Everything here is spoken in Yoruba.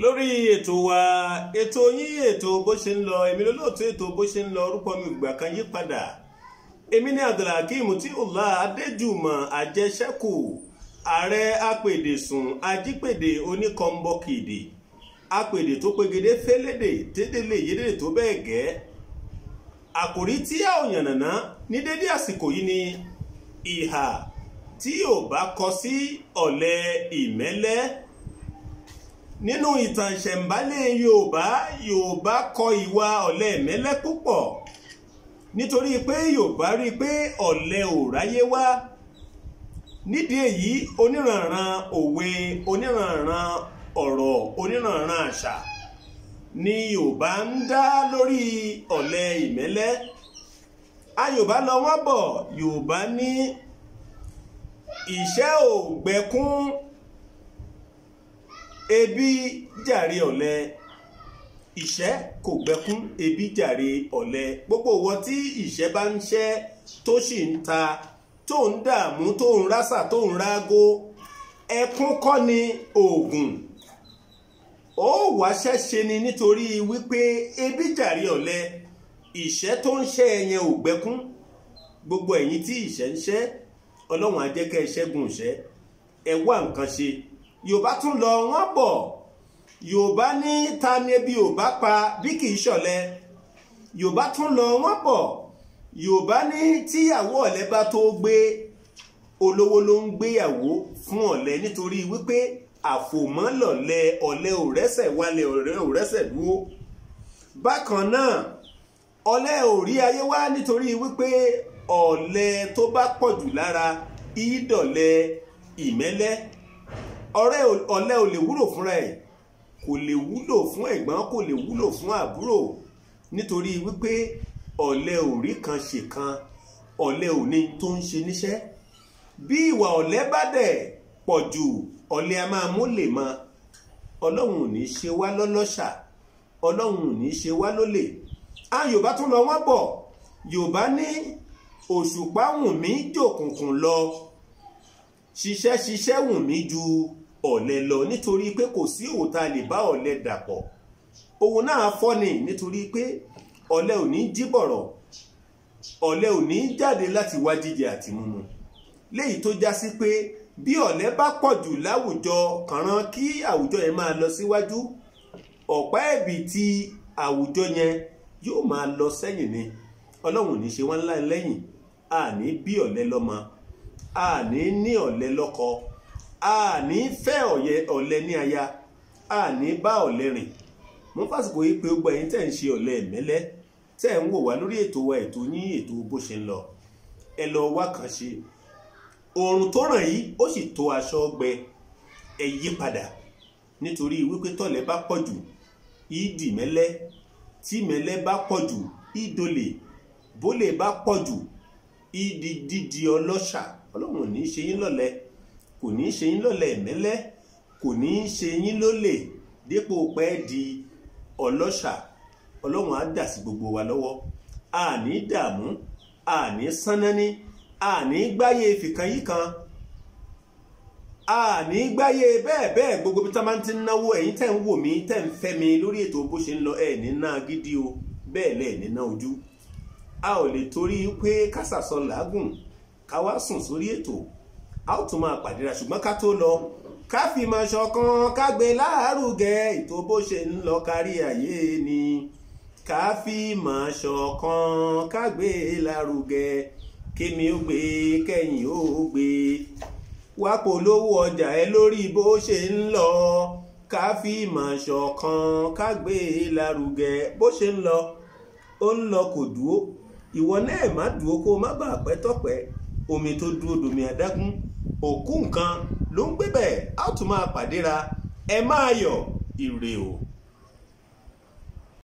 lórí ètò wa ètò yín ètò bó ṣe ń lọ èmi lólóòtú ètò bó ṣe ń lọ orúkọ mi ìgbà kan yí padà èmi ní abdulhakeem tí ọlá adéjùmọ̀ àjẹṣẹ́kù ààrẹ apèdèsùn ajípèdè oníkọ́ńbọ́kìdì apèdè tó pegedé fẹ́lẹ́dẹ̀ tẹ́tẹ́lẹ̀ yédèdè tó bẹ́ẹ̀ gẹ́ àkòrí tí a ò yànnàná ní dédé àsìkò yìí ni ìhà tí yóò bá kọ sí ọ̀lẹ ìmẹ́lẹ́ nínú ìtàn ìṣẹ̀ǹbálé yorùbá yorùbá kọ ìwà ọ̀lẹ mẹ́lẹ́ púpọ̀ nítorí pé yorùbá rí i pé ọ̀lẹ ò ráyé wá nídìí èyí oníranran òwe oníranran ọ̀rọ̀ oníranran àṣà ni yorùbá ń dá lórí ọ̀lẹ ìmẹ́lẹ́ a yorùbá lọ wọ́n bọ̀ yorùbá ní ìṣẹ́ ògbẹ́kún ebi jàre ọ̀lẹ ìṣẹ́ kò gbẹ́kún ebi jàre ọ̀lẹ gbogbo wọn tí ìṣẹ́ bá ń ṣẹ́ tó sì ń ta tó ń dààmú tó ń rásà tó ń rágó ẹkún kọ́ ni oògùn ó wá ṣẹ́ṣe ni nítorí wípé ebi jàre ọ̀lẹ ìṣẹ́ tó ń ṣẹ́ ẹyẹn ò gbẹ́kún gbogbo ẹ̀yin tí ìṣẹ́ ń ṣẹ́ ọlọ́run á jẹ́ ìṣẹ́ ẹ wá nǹkan ṣe yorùbá tún lọ wọ́n bọ̀ yorùbá ní ta ni ebi yorùbá pa bí kì í ṣọ̀lẹ yorùbá tún lọ wọ́n bọ̀ yorùbá ní tíyàwó ọ̀lẹ bá tó gbé olówó ló ń gbéyàwó fún ọ̀lẹ nítorí wípé àfòmọ́lọ̀lẹ ọ̀lẹ ò rẹ́sẹ̀ wálẹ̀ ọ̀rẹ́ ò rẹ́sẹ̀ dúró bákan náà ọ̀lẹ ò rí ayé wá nítorí wípé ọ̀lẹ tó bá pọ̀jù lára ìdọ̀lẹ ìmẹ́lẹ́ ọ̀rẹ́ ọ̀lẹ ò lè wúlò fúnra ẹ̀ kò lè wúlò fún ẹ̀gbọ́n kò lè wúlò fún àbúrò nítorí wípé ọ̀lẹ ò rí kan ṣe kan ọ̀lẹ ò ní tó ń ṣe níṣẹ́ bí ìwà ọ̀lẹ bá dẹ̀ pọ̀ jù ọ̀lẹ a máa mú lè mọ ọlọ́run ò ní ṣe wá lọ́lọ́ṣà ọlọ́run ò ní ṣe wá lólè a yorùbá tún lọ wọ́n bọ̀ yorùbá ní òṣùpá wùn mí jòkùnkùn lọ ṣiṣẹ́ ṣiṣẹ́ wùn mí ju ọ̀lẹ lọ nítorí pé kò sí òwò tá a lè bá ọ̀lẹ dàpọ̀ òwò náà fọ́ ni nítorí pé ọ̀lẹ ò ní jíbọ̀rọ̀ ọ̀lẹ ò ní jáde láti wá jíjẹ àti mímu léyìí tó já sí pé bí ọ̀lẹ bá pọ̀ jù láwùjọ kànrán kí àwùjọ yẹn máa lọ síwájú ọ̀pá ẹ̀bì ti àwùjọ yẹn yóò máa lọ sẹ́yìn ni ọlọ́run ò ní ṣe wọ́n ńlá àní bí ọ̀lẹ lọ́mọ àní ní ọ̀lẹ lọ́kọ a ní fẹ́ ọ̀yẹ ọ̀lẹ ní aya a ní bá ọ̀lẹ rìn mo fásitì yìí pé gbogbo ẹ̀yin tẹ̀ ń ṣe ọ̀lẹ mẹ́lẹ́ tẹ̀ ń wò wá lórí ètò wa ètò yín ètò bó ṣe ń lọ ẹ lọ wá kan ṣe oòrùn tó ràn yìí ó sì tó aṣọ ọgbẹ ẹ yí padà nítorí wípé tọ̀lẹ̀ bá pọ̀ jù ìdì mẹ́lẹ́ tí mẹ́lẹ́ bá pọ̀ jù ìdolè bólè bá pọ̀ jù ìdí dídi ọlọ́ṣà ọlọ́run ò ní ṣe yín lọ́lẹ́ kò ní ṣe yín lọ́lẹ̀ mẹ́lẹ́ kò ní ṣe yín lólè dípò pẹ́ di ọlọ́ṣà ọlọ́run á dà sí gbogbo wa lọ́wọ́ àní dààmú àní sánání àní gbáyé fìkan yìí kan àní gbáyé bẹ́ẹ̀ bẹ́ẹ̀ gbogbo bí táwọn ti ń náwó ẹ̀yìn tẹ̀ ń wò mí tẹ́ ń fẹ́ mi lórí ètò bó ṣe ń lọ ẹ̀ ní náà gidi o bẹ́ẹ̀ lẹ̀ ní ojú a ò lè torí pé kásà sọ làágùn ká wá sùn sórí ètò a ó tún máa pàdéra ṣùgbọ́n ká tó lọ ká fi mọ̀ ṣọ̀kan ká gbé láàrúgẹ ètò bó ṣe ń lọ kárí ayé ni ká fi mọ̀ ṣọ̀kan ká gbé lárugẹ kémi ó gbé kẹ́yìn ó gbé wá polówó ọjà ẹ lórí bó ṣe ń lọ ká fi mọ̀ ṣọ̀kan ká gbé lárugẹ bó ṣe ń lọ ó ń lọ kò dúró ìwọ náà má dúró kó má bàa pẹ́ tọ́pẹ́ omi tó dúró domi adágún òkú nǹkan ló ń gbébẹ̀ á tún máa pàdéra ẹ máa yọ̀ ire o.